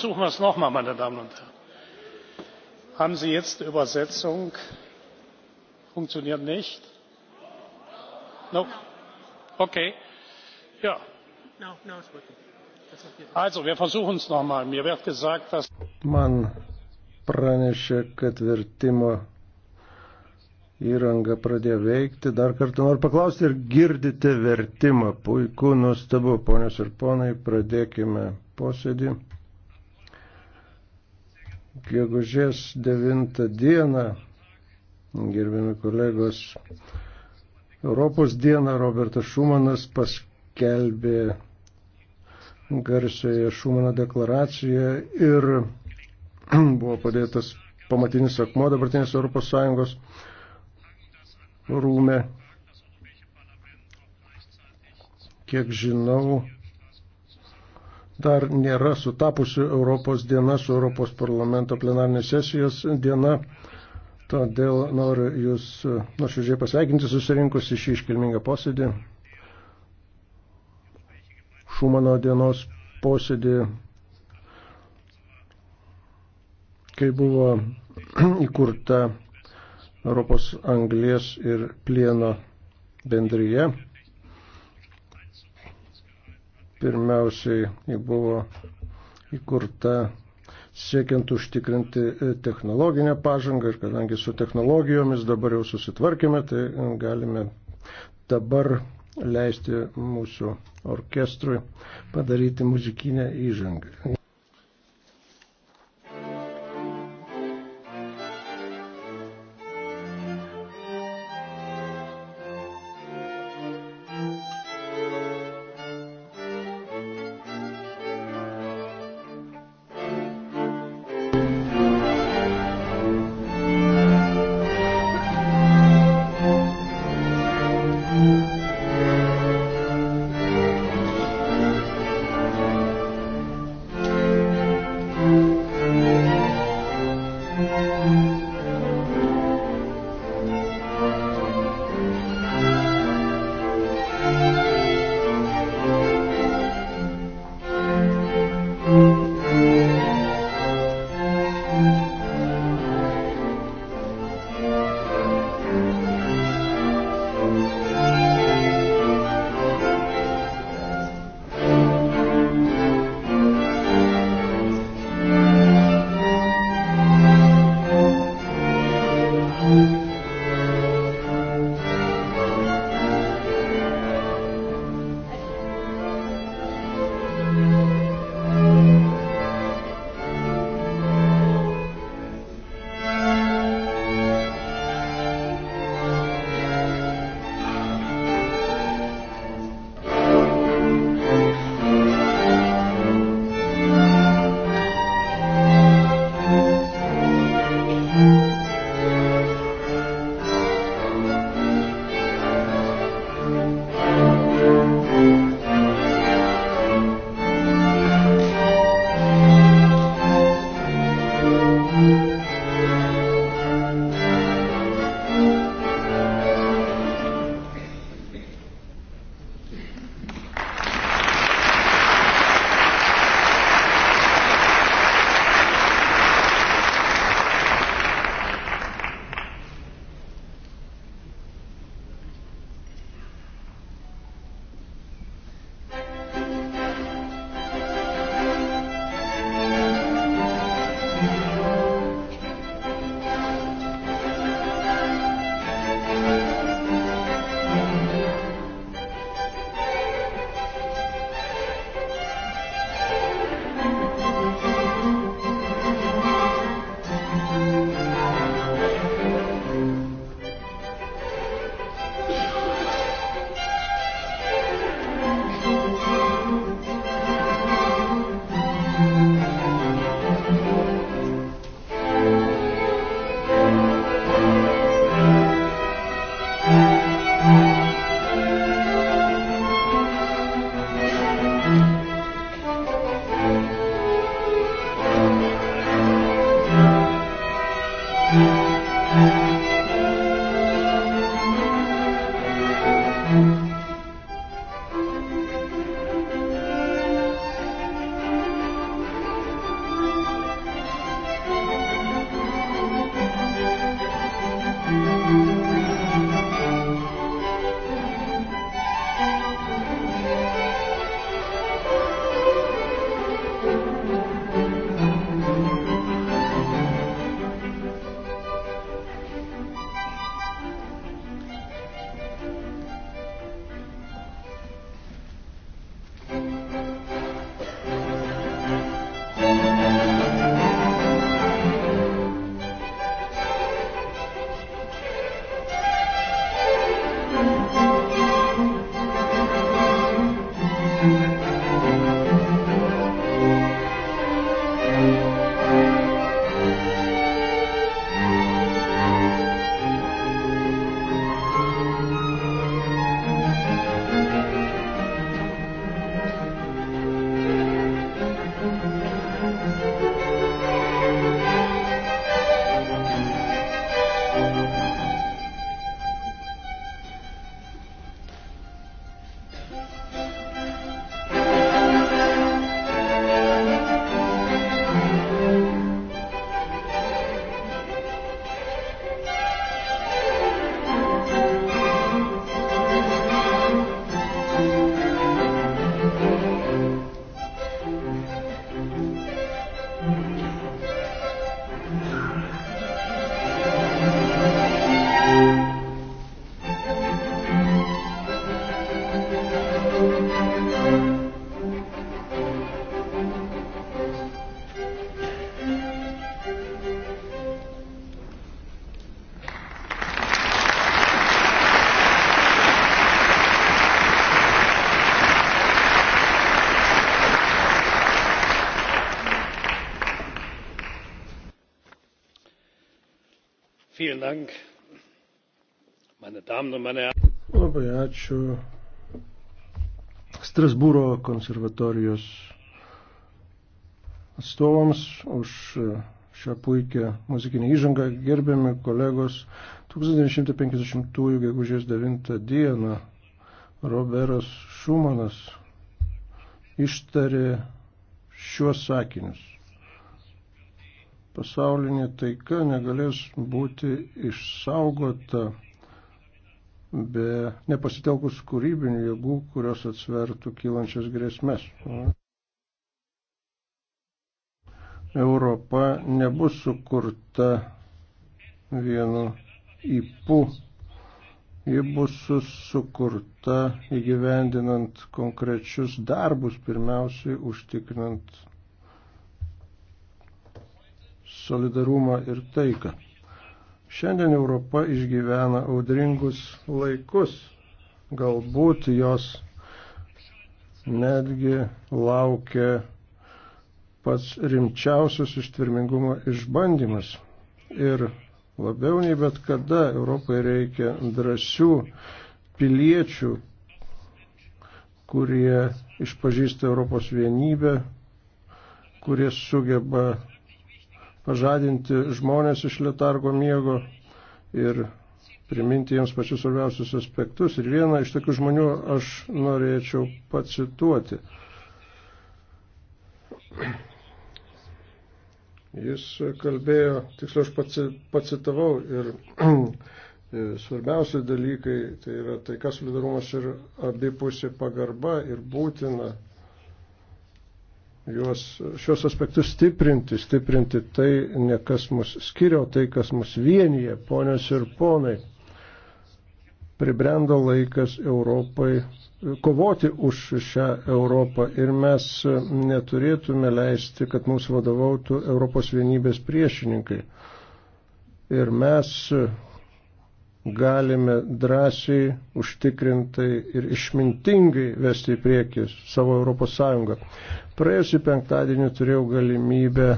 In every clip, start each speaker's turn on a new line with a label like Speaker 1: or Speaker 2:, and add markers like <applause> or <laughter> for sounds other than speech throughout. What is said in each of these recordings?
Speaker 1: versuchen wir es noch einmal meine damen und herren. haben sie jetzt übersetzung? funktioniert nicht? okay.
Speaker 2: also wir versuchen
Speaker 1: es noch einmal. mir wird gesagt dass. man pranešė kad vertimo įranga pradėjo veikti. Dar kartą noriu paklausti, ar girdite vertimą? Puiku, nuostabu, ponios ir ponai, pradėkime posėdį gegužės 9 dieną, gerbiami kolegos, Europos dieną Robertas Šumanas paskelbė garsioje Šumano deklaracijoje ir <clears throat> buvo padėtas pamatinis akmuo dabartinės Europos Sąjungos rūme. Kiek žinau, dar nėra sutapusi Europos diena su Europos parlamento plenarnės sesijos diena. Todėl noriu Jūs nuoširdžiai pasveikinti susirinkus į šį iškilmingą posėdį. Šumano dienos posėdį, kai buvo <clears throat> įkurta Europos anglės ir plieno bendryje pirmiausiai buvo įkurta siekiant užtikrinti e, technologinę pažangą ir kadangi su technologijomis dabar jau susitvarkėme, tai e, galime dabar leisti mūsų orkestrui padaryti muzikinę įžangą. Labai ačiū Strasbūro konservatorijos atstovams už šią puikią muzikinę įžangą. Gerbiami kolegos, 1950 gegužės 9 dieną Roberas Šumanas ištarė šiuos sakinius pasaulinė taika negalės būti išsaugota be nepasitelkus kūrybinių jėgų, kurios atsvertų kylančias grėsmės. Europa nebus sukurta vienu įpū. Ji bus sukurta įgyvendinant konkrečius darbus, pirmiausiai užtikrinant solidarumą ir taiką. Šiandien Europa išgyvena audringus laikus, galbūt jos netgi laukia pats rimčiausias ištvirmingumo išbandymas. Ir labiau nei bet kada Europai reikia drąsių piliečių, kurie išpažįsta Europos vienybę, kurie sugeba pažadinti žmonės iš letargo miego ir priminti jiems pačius svarbiausius aspektus. Ir vieną iš tokių žmonių aš norėčiau pacituoti. Jis kalbėjo, tiksliau aš pacitavau ir <clears throat> svarbiausi dalykai tai yra taika, solidarumas ir abipusė pagarba ir būtina juos, šios aspektus stiprinti, stiprinti tai ne kas mus skiria, o tai kas mus vienyje, ponios ir ponai. Pribrendo laikas Europai kovoti už šią Europą ir mes neturėtume leisti, kad mums vadovautų Europos vienybės priešininkai. Ir mes galime drąsiai, užtikrintai ir išmintingai vesti į priekį savo Europos Sąjungą. Praėjusį penktadienį turėjau galimybę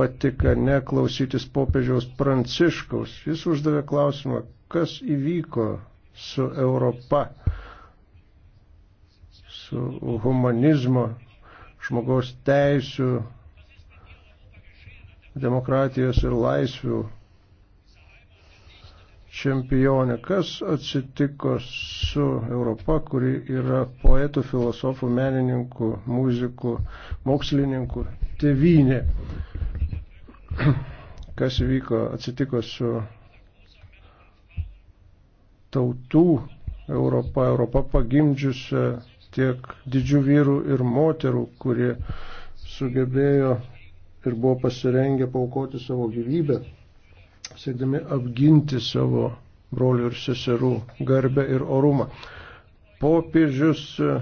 Speaker 1: Vatikane klausytis popiežiaus Pranciškaus. Jis uždavė klausimą, kas įvyko su Europa, su humanizmo, žmogaus teisų, demokratijos ir laisvių čempionė. Kas atsitiko su Europa, kuri yra poetų, filosofų, menininkų, muzikų, mokslininkų, tėvynė? Kas vyko, atsitiko su tautų Europa, Europa pagimdžiusi tiek didžių vyrų ir moterų, kurie sugebėjo ir buvo pasirengę paukoti savo gyvybę siekdami apginti savo brolių ir seserų garbę ir orumą. Popiežius e,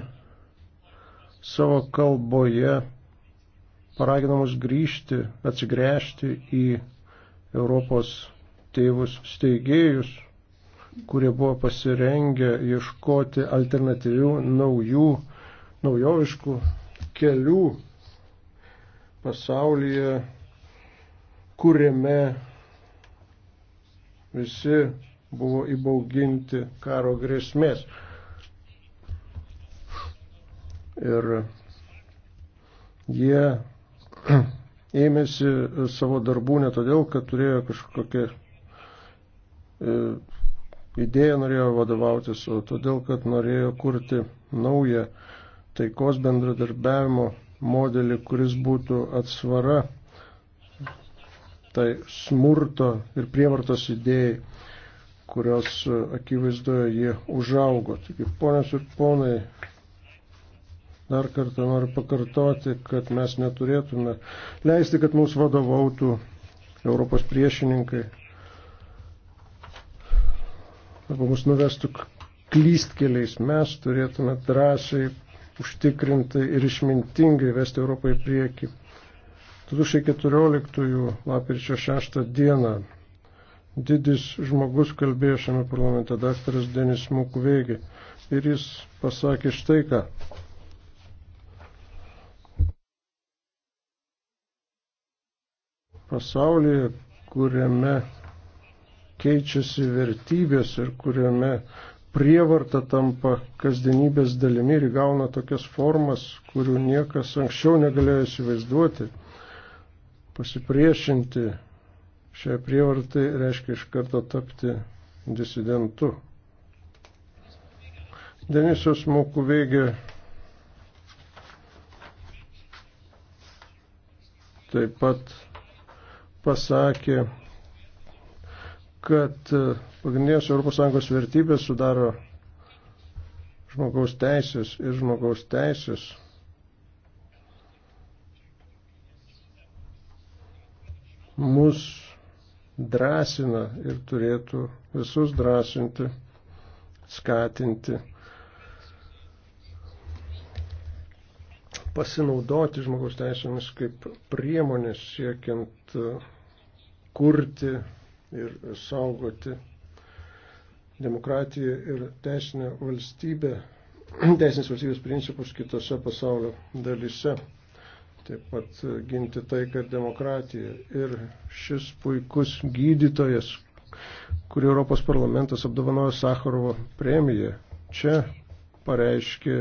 Speaker 1: savo kalboje paraginamus grįžti, atsigręžti į Europos tėvus steigėjus, kurie buvo pasirengę ieškoti alternatyvių naujų, naujoviškų kelių pasaulyje, kuriame Visi buvo įbauginti karo grėsmės. Ir jie <clears throat> ėmėsi savo darbų ne todėl, kad turėjo kažkokią e, idėją, norėjo vadovautis, o todėl, kad norėjo kurti naują taikos bendradarbiavimo modelį, kuris būtų atsvara tai smurto ir prievartos idėjai, kurios e, akivaizdoje jie užaugo. Taigi, ponios ir ponai, dar kartą noriu pakartoti, kad mes neturėtume leisti, kad mūsų vadovautų Europos priešininkai arba mus nuvestų klystkeliais. Mes turėtume drąsiai užtikrinti ir išmintingai vesti Europą į priekį. 2014 lapirčio 6 dieną didis žmogus kalbėjo šiame parlamente, daktaras Denis Mukveigi. Ir jis pasakė štai ką. Pasaulyje, kuriame keičiasi vertybės ir kuriame prievarta tampa kasdienybės dalimi ir gauna tokias formas, kurių niekas anksčiau negalėjo įsivaizduoti Pasipriešinti šią prievartai reiškia iš karto tapti disidentu. Denisas Mukuvėgė taip pat pasakė, kad pagrindinės ES vertybės sudaro žmogaus teisės ir žmogaus teisės mus drąsina ir turėtų visus drąsinti, skatinti, pasinaudoti žmogaus teisėmis kaip priemonės siekiant e, kurti ir saugoti demokratiją ir teisinę valstybę, <clears throat> teisinės valstybės principus kitose pasaulio dalise taip pat ginti taiką ir demokratiją. Ir šis puikus gydytojas, kurį Europos parlamentas apdovanojo Sakarovo premiją, čia pareiškė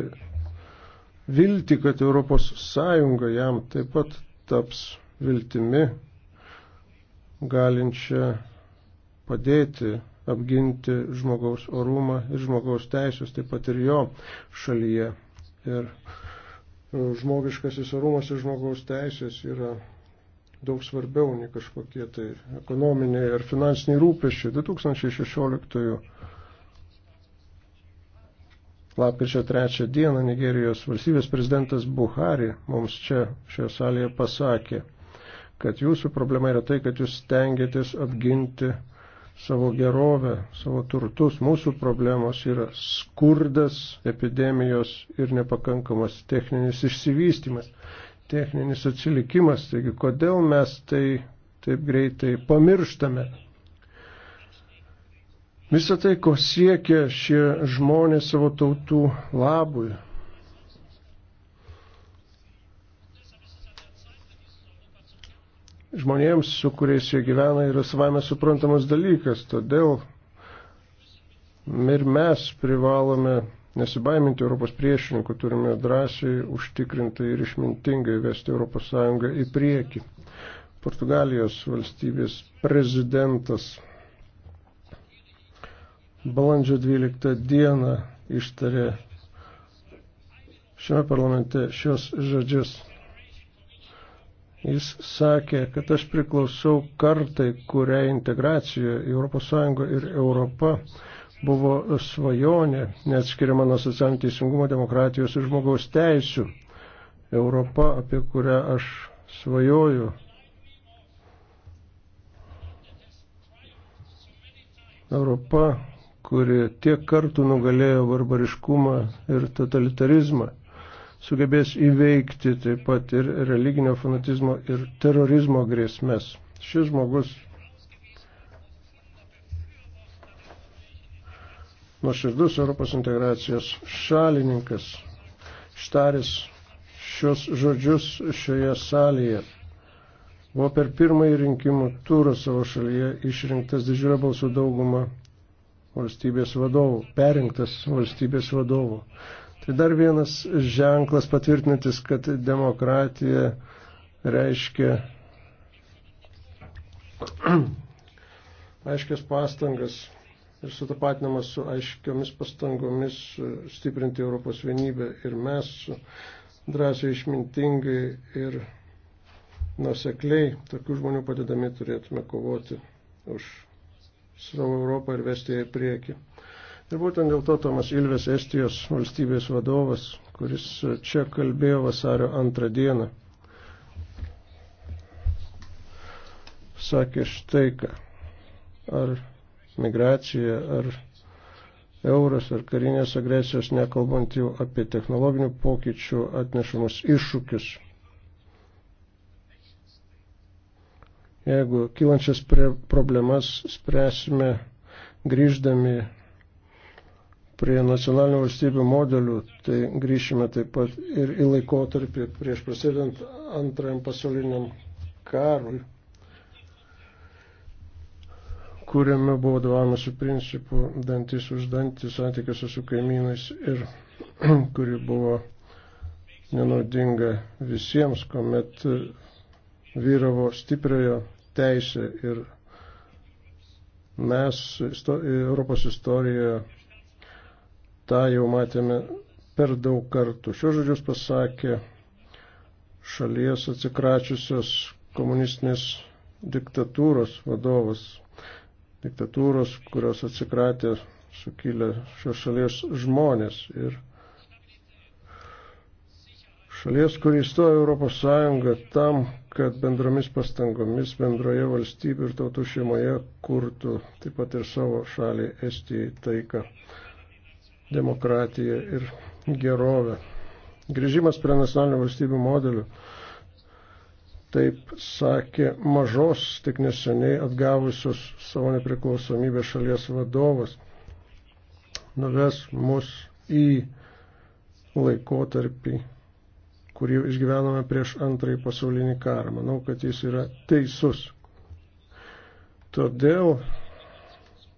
Speaker 1: vilti, kad Europos Sąjunga jam taip pat taps viltimi, galinčia padėti apginti žmogaus orumą ir žmogaus teisės, taip pat ir jo šalyje. Ir žmogiškasis orumas ir žmogaus teisės yra daug svarbiau nei kažkokie tai ekonominiai ar finansiniai rūpešiai. 2016 lapkričio 3 dieną Nigerijos valstybės prezidentas Buhari mums čia šioje salėje pasakė, kad jūsų problema yra tai, kad jūs stengiatės apginti savo gerovę, savo turtus. Mūsų problemos yra skurdas, epidemijos ir nepakankamas techninis išsivystimas, techninis atsilikimas. Taigi, kodėl mes tai taip greitai pamirštame? Visą tai, ko siekia šie žmonės savo tautų labui, žmonėms, su kuriais jie gyvena, yra savame suprantamas dalykas. Todėl ir mes privalome nesibaiminti Europos priešininkų, turime drąsiai, užtikrintai ir išmintingai vesti ES į priekį. Portugalijos valstybės prezidentas balandžio 12 dieną ištarė šiame parlamente šios žodžius. Jis sakė, kad aš priklausau kartai, kuriai integracija į ES ir Europą buvo svajonė, neatskiriama nuo socialinio teisingumo, demokratijos ir žmogaus teisių. Europa, apie kurią aš svajoju. Europa, kuri tiek kartų nugalėjo barbariškumą ir totalitarizmą sugebės įveikti taip pat ir religinio fanatizmo ir terorizmo grėsmės. Šis žmogus nuoširdus Europos integracijos šalininkas štaris šios žodžius šioje salėje. Buvo per pirmąjį rinkimų turą savo šalyje išrinktas didžiulio balsų dauguma valstybės vadovų, perinktas valstybės vadovų. Tai dar vienas ženklas patvirtinantis, kad demokratija reiškia <clears throat> aiškias pastangas ir sutapatinamas su aiškiomis pastangomis stiprinti Europos vienybę. Ir mes drąsiai, išmintingai ir nusekliai tokių žmonių padedami turėtume kovoti už savo Europą ir vesti ją į priekį. Ir būtent dėl to Tomas Ilves, Estijos valstybės vadovas, kuris čia kalbėjo vasario antrą dieną, sakė štai ką. Ar migracija, ar euras, ar karinės agresijos, nekalbant jau apie technologinių pokyčių atnešamus iššūkius. Jeigu kylančias problemas spręsime grįždami prie nacionalinių valstybių modelių, tai grįšime taip pat ir į laikotarpį prieš prasidant antrajam pasauliniam karui, kuriame buvo vadovavimasi principu dantis už dantį santykiuose su kaimynais ir <clears throat> kuri buvo nenaudinga visiems, kuomet vyravo stipriojo teisė ir mes Europos istorijoje tą jau matėme per daug kartų. Šios žodžius pasakė šalies atsikračiusios komunistinės diktatūros vadovas. Diktatūros, kurios atsikratė sukilę šios šalies žmonės ir šalies, kur įstojo Europos Sąjunga tam, kad bendromis pastangomis bendroje valstybių ir tautų šeimoje kurtų taip pat ir savo šaliai Estijai taiką demokratiją ir gerovę. Grįžimas prie nacionalinių valstybių modelių, taip sakė mažos, tik neseniai atgavusios savo nepriklausomybę šalies vadovas, nuves mus į laikotarpį, kurį išgyvenome prieš antrąjį pasaulinį karą. Manau, kad jis yra teisus. Todėl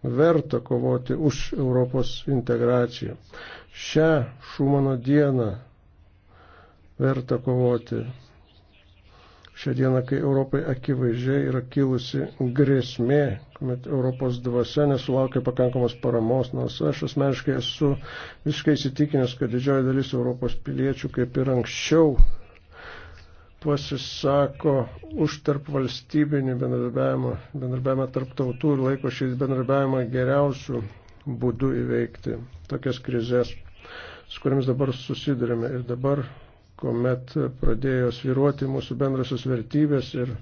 Speaker 1: verta kovoti už Europos integraciją. Šią Šumano dieną verta kovoti. Šią dieną, kai Europai akivaizdžiai yra kilusi grėsmė, kuomet Europos dvasia nesulaukia pakankamos paramos, nors aš asmeniškai esu visiškai įsitikinęs, kad didžioji dalis Europos piliečių, kaip ir anksčiau, pasisako už tarp valstybinį bendradarbiavimą, bendradarbiavimą tarp tautų ir laiko šį bendradarbiavimą geriausių būdų įveikti tokias krizės, su kuriamis dabar susidurime. Ir dabar, kuomet pradėjo sviruoti mūsų bendrasios vertybės ir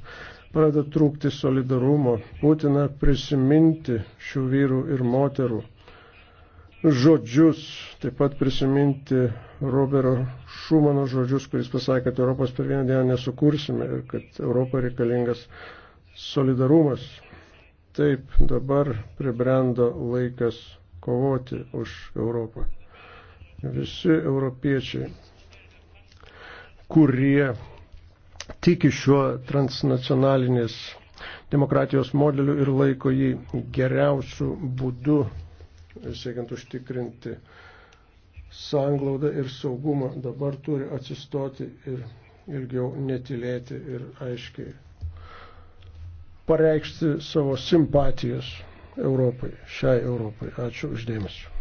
Speaker 1: pradeda trūkti solidarumo, būtina prisiminti šių vyrų ir moterų žodžius, taip pat prisiminti Robero Šumano žodžius, kuris pasakė, kad Europos per vieną dieną nesukursime ir kad Europai reikalingas solidarumas. Taip, dabar pribrendo laikas kovoti už Europą. Visi europiečiai, kurie tiki šiuo transnacionalinės demokratijos modeliu ir laiko jį geriausių būdų siekiant užtikrinti sanglaudą ir saugumą, dabar turi atsistoti ir ilgiau netilėti ir aiškiai pareikšti savo simpatijas Europai, šiai Europai. Ačiū uždėmesiu.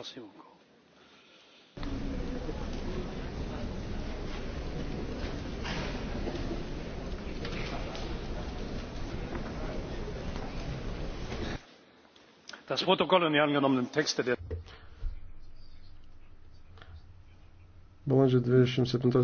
Speaker 1: Merci beaucoup. das protokoll und die angenommenen texte der balandžio dvidešimt septintos